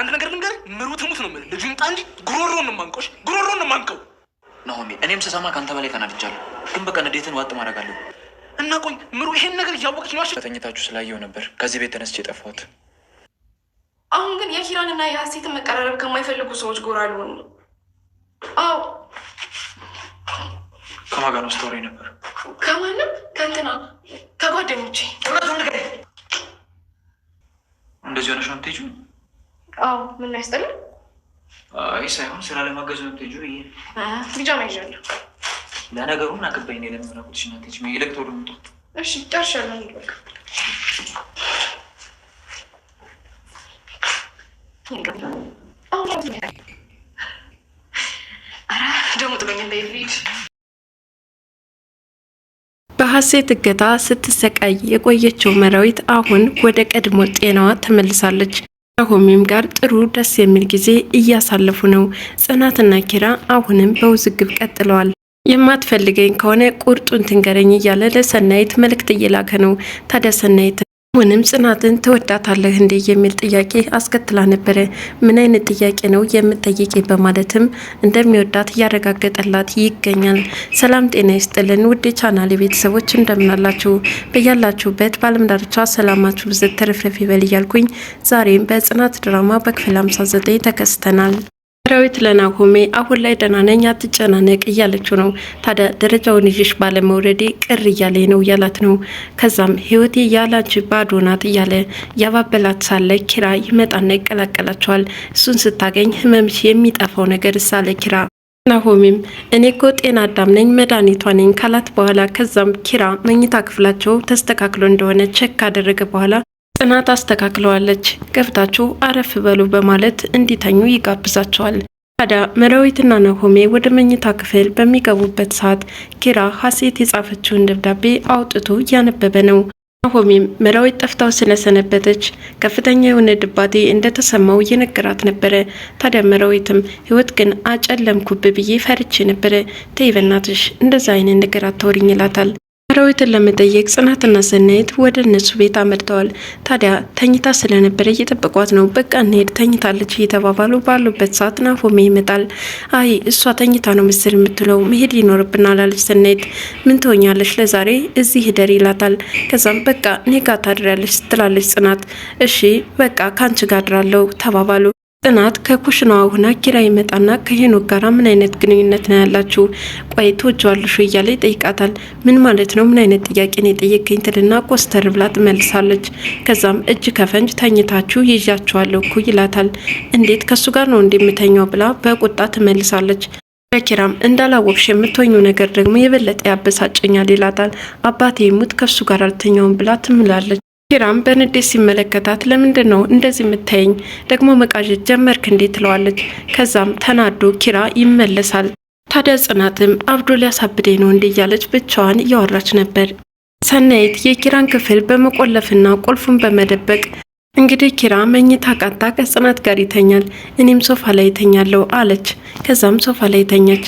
አንድ ነገር ልንገርህ፣ ምሩ ትሙት ነው የምልህ። ልጁን ጣ እንጂ ጉሮሮን ነው የማንቀው፣ ጉሮሮን ነው የማንቀው። ናሆሜ፣ እኔም ስሰማ ከአንተ በላይ ተናድጃለሁ፣ ግን በቃ ንዴትን ዋጥ ማድረግ አለብህ። እና ቆይ ምሩ ይሄን ነገር እያወቀች ነው? ተኝታችሁ ስላየው ነበር ከዚህ ቤት ተነስቼ የጠፋሁት። አሁን ግን የኪራንና የሀሴትን መቀራረብ ከማይፈልጉ ሰዎች ጎራ ልሆን አዎ፣ ከማን ጋር ነው ስታወሪ ነበር? ከማንም ከእንትና ከጓደኞቼ። እንደዚህ ሆነሽ ነው የምትሄጂው? አዎ ምን ያስጠላል? አይ ሳይሆን ስራ ለማገዝ ነው ይዣለሁ። ለነገሩ ምን አገባኝ እኔ ይልቅ ቶሎ እሺ ጨርሻለሁ። በሀሴት እገታ ስትሰቃይ የቆየችው መራዊት አሁን ወደ ቀድሞ ጤናዋ ተመልሳለች። ከሆሜም ጋር ጥሩ ደስ የሚል ጊዜ እያሳለፉ ነው። ጽናትና ኪራ አሁንም በውዝግብ ቀጥለዋል። የማትፈልገኝ ከሆነ ቁርጡን ትንገረኝ እያለ ለሰናይት መልእክት እየላከ ነው። ታዲያ ሰናይት አሁንም ጽናትን ትወዳታለህ እንዴ የሚል ጥያቄ አስከትላ ነበረ። ምን አይነት ጥያቄ ነው የምጠይቄ? በማለትም እንደሚወዳት እያረጋገጠላት ይገኛል። ሰላም ጤና ይስጥልን ውድ ቻናል ቤተሰቦች እንደምናላችሁ በያላችሁበት በዓለም ዳርቻ ሰላማችሁ ብዝት ተረፍረፍ ይበል እያልኩኝ ዛሬም በጽናት ድራማ በክፍል 59 ተከስተናል። ዳዊት ለናሆሜ አሁን ላይ ደህና ነኝ አትጨናነቅ እያለችው ነው። ታዲያ ደረጃውን ይዤሽ ባለመውረዴ ቅር እያለኝ ነው እያላት ነው። ከዛም ህይወቴ ያላንቺ ባዶ ናት እያለ ያባበላት ሳለ ኪራ ይመጣና ይቀላቀላቸዋል። እሱን ስታገኝ ህመምሽ የሚጠፋው ነገር እሳለ ኪራ ናሆሚም እኔ እኮ ጤና አዳም ነኝ መድኃኒቷ ነኝ ካላት በኋላ ከዛም ኪራ መኝታ ክፍላቸው ተስተካክሎ እንደሆነ ቼክ ካደረገ በኋላ ጽናት አስተካክለዋለች። ገብታችሁ አረፍ በሉ በማለት እንዲተኙ ይጋብዛቸዋል። ታዲያ መራዊትና ነሆሜ ወደ መኝታ ክፍል በሚገቡበት ሰዓት ኪራ ሀሴት የጻፈችውን ደብዳቤ አውጥቶ እያነበበ ነው። ናሆሜም መራዊት ጠፍታው ስለሰነበተች ከፍተኛ የሆነ ድባቴ እንደተሰማው እየነገራት ነበረ። ታዲያ መራዊትም ሕይወት ግን አጨለምኩብ ብዬ ፈርቼ ነበረ። ተይ በናትሽ እንደዛ አይነት ነገር አታውሪኝ ይላታል። ሰራዊትን ለመጠየቅ ጽናትና ሰናይት ወደ እነሱ ቤት አመርተዋል። ታዲያ ተኝታ ስለነበረ እየጠበቋት ነው። በቃ እንሄድ ተኝታለች እየተባባሉ ባሉበት ሰዓት ናሆሜ ይመጣል። አይ እሷ ተኝታ ነው ምስል የምትለው መሄድ ይኖርብናል አለች ሰናይት። ምን ትሆኛለች ለዛሬ እዚህ ሂደር ይላታል። ከዛም በቃ እኔ ጋ ታድሪያለች ትላለች ጽናት። እሺ በቃ ከአንቺ ጋር አድራለሁ ተባባሉ። ጽናት ከኩሽናዋ ሆና ኪራ ይመጣና ከሄኖክ ጋር ምን አይነት ግንኙነት ነው ያላችሁ? ቆይ ትወጂዋለሽ እያለ ይጠይቃታል። ምን ማለት ነው? ምን አይነት ጥያቄን የጠየቀኝ ትልና ኮስተር ብላ ትመልሳለች። ከዛም እጅ ከፈንጅ ተኝታችሁ ይዣችኋለሁ እኮ ይላታል። እንዴት ከሱ ጋር ነው እንደምተኛው ብላ በቁጣ ትመልሳለች። በኪራም እንዳላወቅሽ የምትወኘው ነገር ደግሞ የበለጠ ያበሳጨኛል ይላታል። አባቴ ሙት ከሱ ጋር አልተኛውም ብላ ትምላለች። ኪራም በንዴት ሲመለከታት ለምንድን ነው እንደዚህ የምታየኝ ደግሞ መቃዠት ጀመርክ እንዴት ትለዋለች። ከዛም ተናዶ ኪራ ይመለሳል። ታዲያ ጽናትም አብዶ ሊያሳብደኝ ነው እንዴ እያለች ብቻዋን እያወራች ነበር። ሰናይት የኪራን ክፍል በመቆለፍና ቁልፉን በመደበቅ እንግዲህ ኪራ መኝታ ቃጣ ከጽናት ጋር ይተኛል፣ እኔም ሶፋ ላይ ይተኛለሁ አለች። ከዛም ሶፋ ላይ ይተኛች።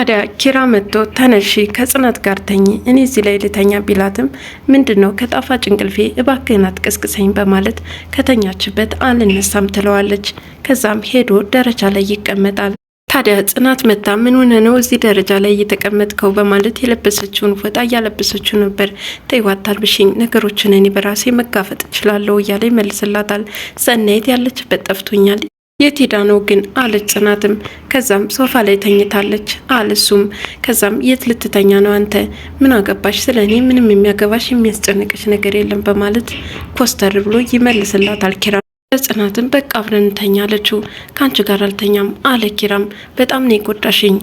ታዲያ ኪራ መጥቶ ተነሺ ከጽናት ጋር ተኝ እኔ እዚህ ላይ ልተኛ ቢላትም ምንድን ነው ከጣፋጭ እንቅልፌ እባክህን አትቀስቅሰኝ በማለት ከተኛችበት አልነሳም ትለዋለች። ከዛም ሄዶ ደረጃ ላይ ይቀመጣል። ታዲያ ጽናት መታ ምን ሆነ ነው እዚህ ደረጃ ላይ እየተቀመጥከው በማለት የለበሰችውን ፎጣ እያለበሰችው ነበር። ተይዋታል ብሽኝ ነገሮችን እኔ በራሴ መጋፈጥ እችላለሁ እያለ ይመልስላታል። ሰናይት ያለችበት ጠፍቶኛል የት ሄዳ ነው ግን አለች ጽናትም። ከዛም ሶፋ ላይ ተኝታለች አለሱም። ከዛም የት ልትተኛ ነው አንተ ምን አገባሽ ስለ እኔ ምንም የሚያገባሽ የሚያስጨንቅሽ ነገር የለም በማለት ኮስተር ብሎ ይመልስላታል ኪራ። ለጽናትም። በቃ አብረን እንተኛ አለችው። ከአንቺ ጋር አልተኛም አለ ኪራም። በጣም ነው የጎዳሽኝ።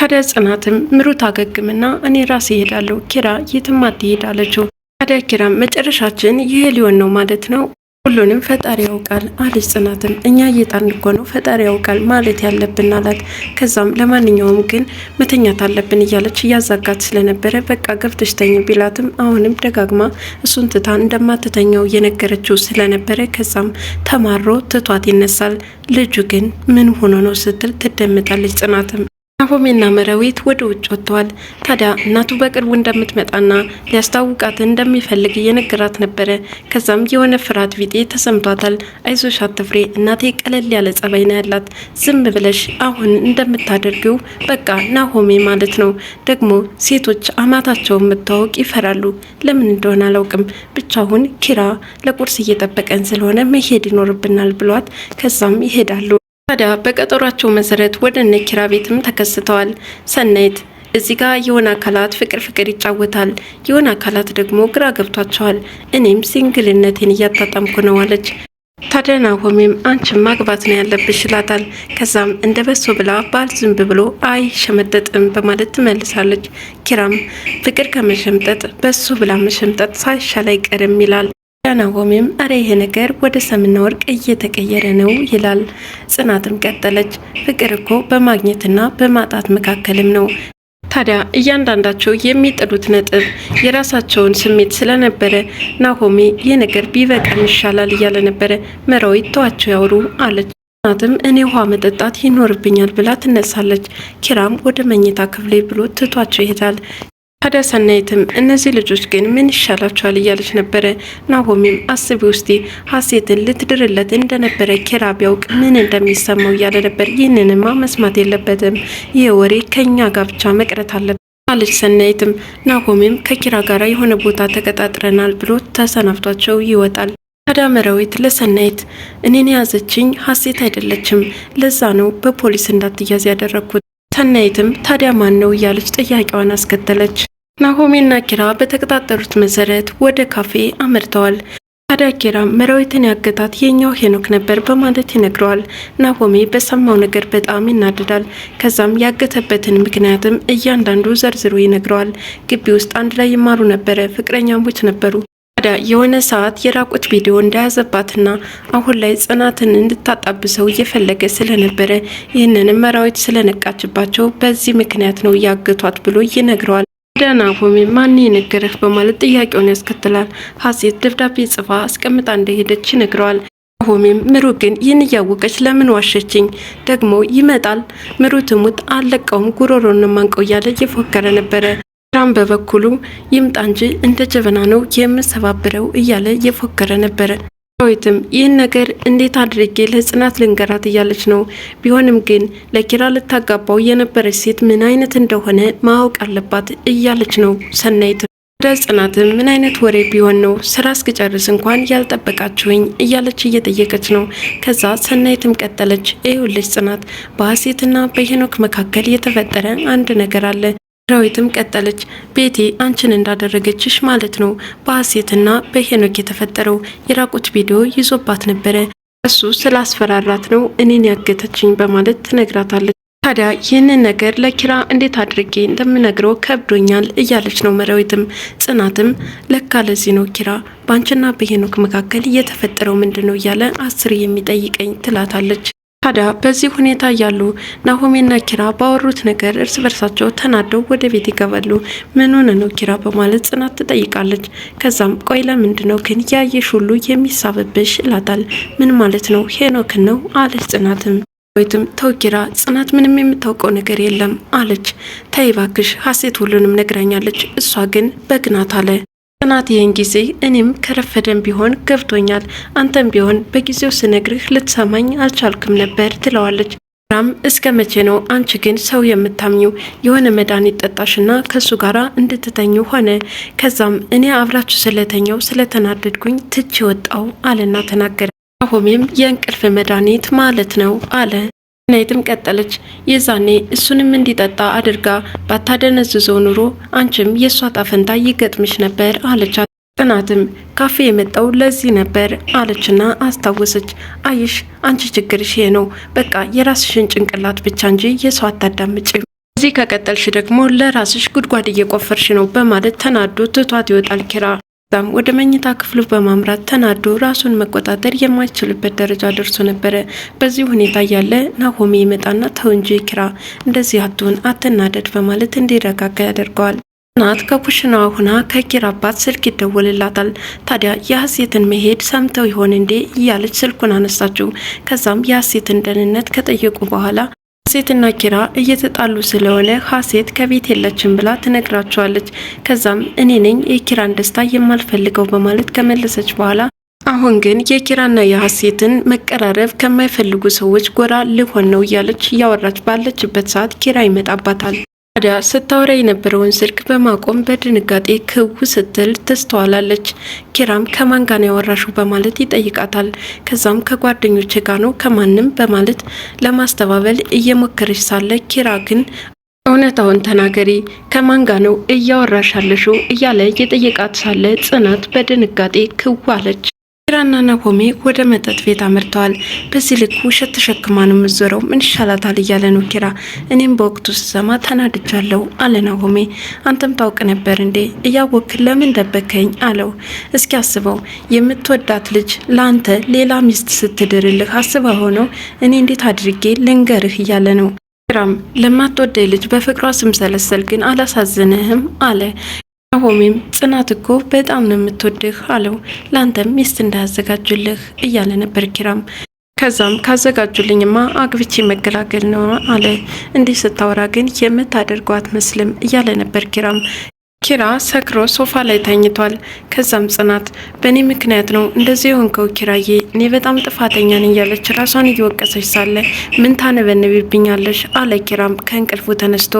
ታዲያ ጽናትም ምሩት አገግምና እኔ ራሴ እሄዳለሁ ኪራ የትም አትሄድ አለችው። ታዲያ ኪራም መጨረሻችን ይሄ ሊሆን ነው ማለት ነው ሁሉንም ፈጣሪ ያውቃል አለች ጽናትም። እኛ እየጣን እኮ ነው ፈጣሪ ያውቃል ማለት ያለብን አላት። ከዛም ለማንኛውም ግን መተኛት አለብን እያለች እያዛጋት ስለነበረ በቃ ገብተሽ ተኝ ቢላትም አሁንም ደጋግማ እሱን ትታ እንደማትተኛው እየነገረችው ስለነበረ ከዛም ተማሮ ትቷት ይነሳል። ልጁ ግን ምን ሆኖ ነው ስትል ትደምጣለች ጽናትም ናሆሜና መረዊት ወደ ውጭ ወጥተዋል። ታዲያ እናቱ በቅርቡ እንደምትመጣና ሊያስታውቃት እንደሚፈልግ እየነገራት ነበረ። ከዛም የሆነ ፍርሃት ቢጤ ተሰምቷታል። አይዞሽ አትፍሬ፣ እናቴ ቀለል ያለ ጸባይ ነው ያላት። ዝም ብለሽ አሁን እንደምታደርገው በቃ ናሆሜ ማለት ነው። ደግሞ ሴቶች አማታቸውን መታወቅ ይፈራሉ። ለምን እንደሆነ አላውቅም። ብቻ አሁን ኪራ ለቁርስ እየጠበቀን ስለሆነ መሄድ ይኖርብናል ብሏት ከዛም ይሄዳሉ። ታዲያ በቀጠሯቸው መሰረት ወደ ነኪራ ኪራ ቤትም ተከስተዋል። ሰናይት እዚህ ጋር የሆነ አካላት ፍቅር ፍቅር ይጫወታል፣ የሆነ አካላት ደግሞ ግራ ገብቷቸዋል። እኔም ሲንግልነቴን እያጣጣምኩ ነው አለች። ታዲያ ናሆሜም አንቺም ማግባት ነው ያለብሽ ይላታል። ከዛም እንደ በሶ ብላ ባል ዝንብ ብሎ አይ ሸመጠጥም በማለት ትመልሳለች። ኪራም ፍቅር ከመሸምጠጥ በሶ ብላ መሸምጠጥ ሳይሻል አይቀርም ይላል። ናሆሜም እረ ይሄ ነገር ወደ ሰምና ወርቅ እየተቀየረ ነው ይላል። ጽናትም ቀጠለች፣ ፍቅር እኮ በማግኘትና በማጣት መካከልም ነው። ታዲያ እያንዳንዳቸው የሚጥሉት ነጥብ የራሳቸውን ስሜት ስለነበረ ናሆሜ ይህ ነገር ቢበቃም ይሻላል እያለ ነበረ። መራዊት ተዋቸው ያውሩ አለች። ጽናትም እኔ ውሃ መጠጣት ይኖርብኛል ብላ ትነሳለች። ኪራም ወደ መኝታ ክፍሌ ብሎ ትቷቸው ይሄዳል። ታዲያ ሰናይትም እነዚህ ልጆች ግን ምን ይሻላቸዋል እያለች ነበረ። ናሆሚም አስቢ ውስጢ ሀሴትን ልትድርለት እንደነበረ ኪራ ቢያውቅ ምን እንደሚሰማው እያለ ነበር። ይህንንማ መስማት የለበትም፣ ይህ ወሬ ከእኛ ጋር ብቻ መቅረት አለበት አለች ሰናይትም። ናሆሚም ከኪራ ጋር የሆነ ቦታ ተቀጣጥረናል ብሎ ተሰናብቷቸው ይወጣል። ታዲያ መራዊት ለሰናይት እኔን የያዘችኝ ሀሴት አይደለችም፣ ለዛ ነው በፖሊስ እንዳትያዝ ያደረግኩት ሰናይትም ታዲያ ማን ነው እያለች ጥያቄዋን አስከተለች። ናሆሜና ኪራ በተቀጣጠሩት መሰረት ወደ ካፌ አምርተዋል። ታዲያ ኪራ መራዊትን ያገታት የኛው ሄኖክ ነበር በማለት ይነግረዋል። ናሆሜ በሰማው ነገር በጣም ይናደዳል። ከዛም ያገተበትን ምክንያትም እያንዳንዱ ዘርዝሮ ይነግረዋል። ግቢ ውስጥ አንድ ላይ ይማሩ ነበረ፣ ፍቅረኛሞች ነበሩ። ታዲያ የሆነ ሰዓት የራቁት ቪዲዮ እንደያዘባትና አሁን ላይ ጽናትን እንድታጣብሰው እየፈለገ ስለነበረ ይህንን መራዊት ስለነቃችባቸው በዚህ ምክንያት ነው ያገቷት ብሎ ይነግረዋል። ናሆሜ ማን የነገረህ በማለት ጥያቄውን ያስከትላል። ሀሴት ደብዳቤ ጽፋ አስቀምጣ እንደሄደች ይነግረዋል። ናሆሜም ምሩ ግን ይህን እያወቀች ለምን ዋሸችኝ? ደግሞ ይመጣል ምሩ ትሙት አለቀውም ጉሮሮን ማንቀው እያለ እየፎከረ ነበረ። ኪራም በበኩሉ ይምጣ እንጂ እንደ ጀበና ነው የምሰባብረው እያለ እየፎከረ ነበረ። ዳዊትም ይህን ነገር እንዴት አድርጌ ለጽናት ልንገራት እያለች ነው። ቢሆንም ግን ለኪራ ልታጋባው የነበረች ሴት ምን አይነት እንደሆነ ማወቅ አለባት እያለች ነው። ሰናይት ወደ ጽናትም ምን አይነት ወሬ ቢሆን ነው ስራ እስክጨርስ እንኳን ያልጠበቃችሁኝ እያለች እየጠየቀች ነው። ከዛ ሰናይትም ቀጠለች። ይኸውልሽ ጽናት፣ በሀሴትና በሄኖክ መካከል የተፈጠረ አንድ ነገር አለ ዳዊትም ቀጠለች። ቤቲ አንቺን እንዳደረገችሽ ማለት ነው። በሀሴትና በሄኖክ የተፈጠረው የራቁት ቪዲዮ ይዞባት ነበረ። እሱ ስላስፈራራት ነው እኔን ያገተችኝ በማለት ትነግራታለች። ታዲያ ይህንን ነገር ለኪራ እንዴት አድርጌ እንደምነግረው ከብዶኛል እያለች ነው መራዊትም። ጽናትም ለካ ለዚህ ነው ኪራ በአንቺና በሄኖክ መካከል እየተፈጠረው ምንድን ነው እያለ አስር የሚጠይቀኝ ትላታለች። ታዲያ በዚህ ሁኔታ እያሉ ናሆሜና ኪራ ባወሩት ነገር እርስ በርሳቸው ተናደው ወደ ቤት ይገባሉ። ምን ሆነ ነው ኪራ በማለት ጽናት ትጠይቃለች። ከዛም ቆይ ለምንድን ነው ግን ያየሽ ሁሉ የሚሳበብሽ ይላታል። ምን ማለት ነው ሄኖክን ነው አለች ጽናትም። ወይትም ተው ኪራ ጽናት ምንም የምታውቀው ነገር የለም አለች። ተይ እባክሽ ሀሴት ሁሉንም ነግራኛለች፣ እሷ ግን በግናት አለ ጽናት ይህን ጊዜ እኔም ከረፈደን ቢሆን ገብቶኛል፣ አንተም ቢሆን በጊዜው ስነግርህ ልትሰማኝ አልቻልክም ነበር ትለዋለች። ራም እስከ መቼ ነው አንቺ ግን ሰው የምታምኙ? የሆነ መድኃኒት ጠጣሽና ከእሱ ጋር እንድትተኙ ሆነ። ከዛም እኔ አብራችሁ ስለተኛው ስለተናደድኩኝ ትቼ ወጣው አለና ተናገረ። አሁሜም የእንቅልፍ መድኃኒት ማለት ነው አለ። ናይትም ቀጠለች። የዛኔ እሱንም እንዲጠጣ አድርጋ ባታደነዝዘው ኑሮ አንቺም የእሷ ጣፈንታ ይገጥምሽ ነበር አለቻት። ጽናትም ካፌ የመጣው ለዚህ ነበር አለችና አስታወሰች። አይሽ አንቺ ችግርሽ ይሄ ነው፣ በቃ የራስሽን ጭንቅላት ብቻ እንጂ የሰው አታዳምጪ። እዚህ ከቀጠልሽ ደግሞ ለራስሽ ጉድጓድ እየቆፈርሽ ነው በማለት ተናዶ ትቷት ይወጣል ኪራ በጣም ወደ መኝታ ክፍሉ በማምራት ተናዶ ራሱን መቆጣጠር የማይችልበት ደረጃ ደርሶ ነበረ። በዚህ ሁኔታ እያለ ናሆሜ ይመጣና ተው እንጂ ኪራ እንደዚህ አትሁን፣ አትናደድ በማለት እንዲረጋጋ ያደርገዋል። እናት ከኩሽና ሁና ከኪራ አባት ስልክ ይደወልላታል። ታዲያ የሀሴትን መሄድ ሰምተው ይሆን እንዴ እያለች ስልኩን አነሳችው። ከዛም የሀሴትን ደህንነት ከጠየቁ በኋላ ሀሴትና ኪራ እየተጣሉ ስለሆነ ሀሴት ከቤት የለችም ብላ ትነግራቸዋለች። ከዛም እኔ ነኝ የኪራን ደስታ የማልፈልገው በማለት ከመለሰች በኋላ አሁን ግን የኪራና የሀሴትን መቀራረብ ከማይፈልጉ ሰዎች ጎራ ልሆን ነው እያለች እያወራች ባለችበት ሰዓት ኪራ ይመጣባታል። ታዲያ ስታወራ የነበረውን ስልክ በማቆም በድንጋጤ ክው ስትል ትስተዋላለች። ኪራም ከማን ጋር ነው ያወራሽው በማለት ይጠይቃታል። ከዛም ከጓደኞች ጋር ነው ከማንም በማለት ለማስተባበል እየሞከረች ሳለ ኪራ ግን እውነታውን ተናገሪ ከማን ጋር ነው እያወራሻለሹ እያለ የጠየቃት ሳለ ጽናት በድንጋጤ ክው አለች። ኪራና ናሆሜ ወደ መጠጥ ቤት አምርተዋል። በዚህ ልክ ውሸት ተሸክማ ነው የምትዞረው፣ ምን ይሻላታል እያለ ነው ኪራ። እኔም በወቅቱ ስሰማ ተናድጃለሁ አለ ናሆሜ። አንተም ታውቅ ነበር እንዴ? እያወክ ለምን ደበከኝ አለው። እስኪ አስበው፣ የምትወዳት ልጅ ለአንተ ሌላ ሚስት ስትድርልህ አስበ ሆነው እኔ እንዴት አድርጌ ልንገርህ እያለ ነው ኪራም። ለማትወደኝ ልጅ በፍቅሯ ስምሰለሰል ግን አላሳዝንህም አለ አሆሜም ጽናት እኮ በጣም ነው የምትወድህ አለው። ለአንተም ሚስት እንዳያዘጋጁልህ እያለ ነበር ኪራም። ከዛም ካዘጋጁልኝማ አግብቼ መገላገል ነው አለ። እንዲህ ስታወራ ግን የምታደርገው አትመስልም እያለ ነበር ኪራም። ኪራ ሰክሮ ሶፋ ላይ ተኝቷል። ከዛም ጽናት በእኔ ምክንያት ነው እንደዚህ የሆንከው ኪራዬ፣ እኔ በጣም ጥፋተኛ ነኝ እያለች ራሷን እየወቀሰች ሳለ ምን ታነበንብብኛለሽ አለ ኪራም ከእንቅልፉ ተነስቶ።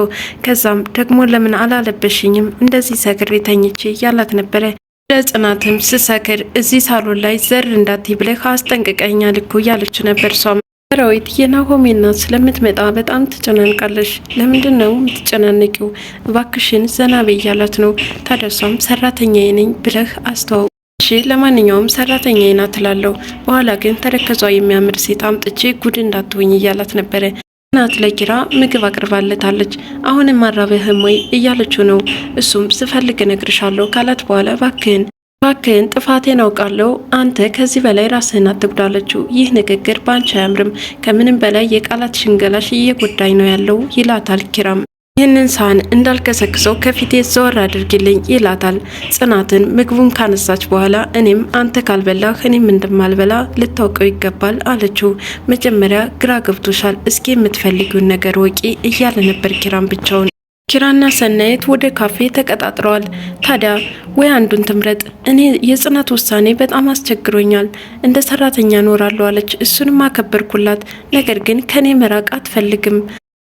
ከዛም ደግሞ ለምን አላለበሽኝም እንደዚህ ሰክሬ ተኝቼ ያላት ነበረ። ለጽናትም ስሰክር እዚህ ሳሎን ላይ ዘር እንዳትይ ብለህ አስጠንቅቀኛል እኮ እያለች ነበር ሷም ሰራዊት የናሆሜ እናት ስለምትመጣ በጣም ትጨናንቃለች። ለምንድን ነው የምትጨናነቂው? እባክሽን ዘና በይ እያላት ነው። ታደሷም ሰራተኛዬ ነኝ ብለህ አስተዋውቅ። እሺ ለማንኛውም ሰራተኛዬ ናት ትላለሁ። በኋላ ግን ተረከዟ የሚያምር ሴት አምጥቼ ጉድ እንዳትሆኝ እያላት ነበረ። ናት ለኪራ ምግብ አቅርባለታለች። አሁንም አራበህም ወይ እያለችው ነው። እሱም ስፈልግ እነግርሻለሁ ካላት በኋላ እባክህን ባክን ጥፋቴን አውቃለሁ፣ አንተ ከዚህ በላይ ራስህን አትጉዳለችው። ይህ ንግግር ባንቺ አያምርም፣ ከምንም በላይ የቃላት ሽንገላሽ እየጎዳኝ ነው ያለው ይላታል ኪራም። ይህንን ሳህን እንዳልከሰክሰው ከፊቴ ዘወር አድርጊልኝ ይላታል። ጽናትን ምግቡን ካነሳች በኋላ እኔም አንተ ካልበላ እኔም እንደማልበላ ልታውቀው ይገባል አለችው። መጀመሪያ ግራ ገብቶሻል፣ እስኪ የምትፈልጊውን ነገር ወቂ እያለ ነበር ኪራም ብቻውን ኪራና ሰናየት ወደ ካፌ ተቀጣጥረዋል። ታዲያ ወይ አንዱን ትምረጥ። እኔ የጽናት ውሳኔ በጣም አስቸግሮኛል፣ እንደ ሰራተኛ እኖራለሁ አለች። እሱንም አከበርኩላት፣ ነገር ግን ከኔ መራቅ አትፈልግም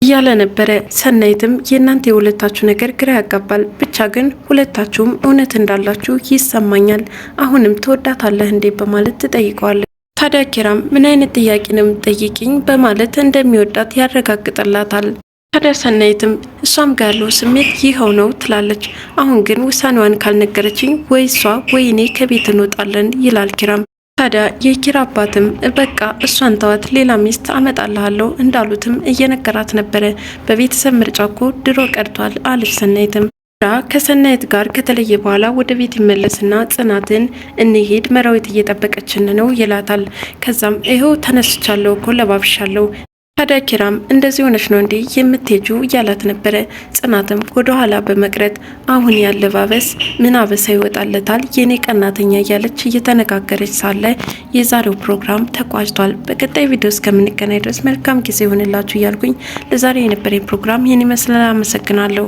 እያለ ነበረ። ሰናይትም የእናንተ የሁለታችሁ ነገር ግራ ያጋባል፣ ብቻ ግን ሁለታችሁም እውነት እንዳላችሁ ይሰማኛል። አሁንም ትወዳታለህ እንዴ በማለት ትጠይቀዋለች። ታዲያ ኪራም ምን አይነት ጥያቄ ነው የምትጠይቅኝ በማለት እንደሚወዳት ያረጋግጥላታል። ታዲያ ሰናይትም እሷም ጋር ያለው ስሜት ይኸው ነው ትላለች። አሁን ግን ውሳኔዋን ካልነገረችኝ ወይ እሷ ወይ እኔ ከቤት እንወጣለን ይላል ኪራም። ታዲያ የኪራ አባትም በቃ እሷን ተዋት፣ ሌላ ሚስት አመጣልሃለሁ እንዳሉትም እየነገራት ነበረ። በቤተሰብ ምርጫ እኮ ድሮ ቀርቷል አለች ሰናይትም። ኪራ ከሰናይት ጋር ከተለየ በኋላ ወደ ቤት ይመለስና ጽናትን እንሄድ መራዊት እየጠበቀችን ነው ይላታል። ከዛም ይኸው ተነስቻለሁ እኮ ለባብሻለሁ ታዲያ ኪራም እንደዚህ ሆነች ነው እንዴ የምትሄጁ እያላት ነበረ። ጽናትም ወደ ኋላ በመቅረት አሁን ያለባበስ ምን አበሳ ይወጣለታል የኔ ቀናተኛ እያለች እየተነጋገረች ሳለ የዛሬው ፕሮግራም ተቋጭቷል። በቀጣይ ቪዲዮ እስከምንገናኝ ድረስ መልካም ጊዜ ይሆንላችሁ እያልኩኝ ለዛሬ የነበረኝ ፕሮግራም ይህን ይመስላል። አመሰግናለሁ።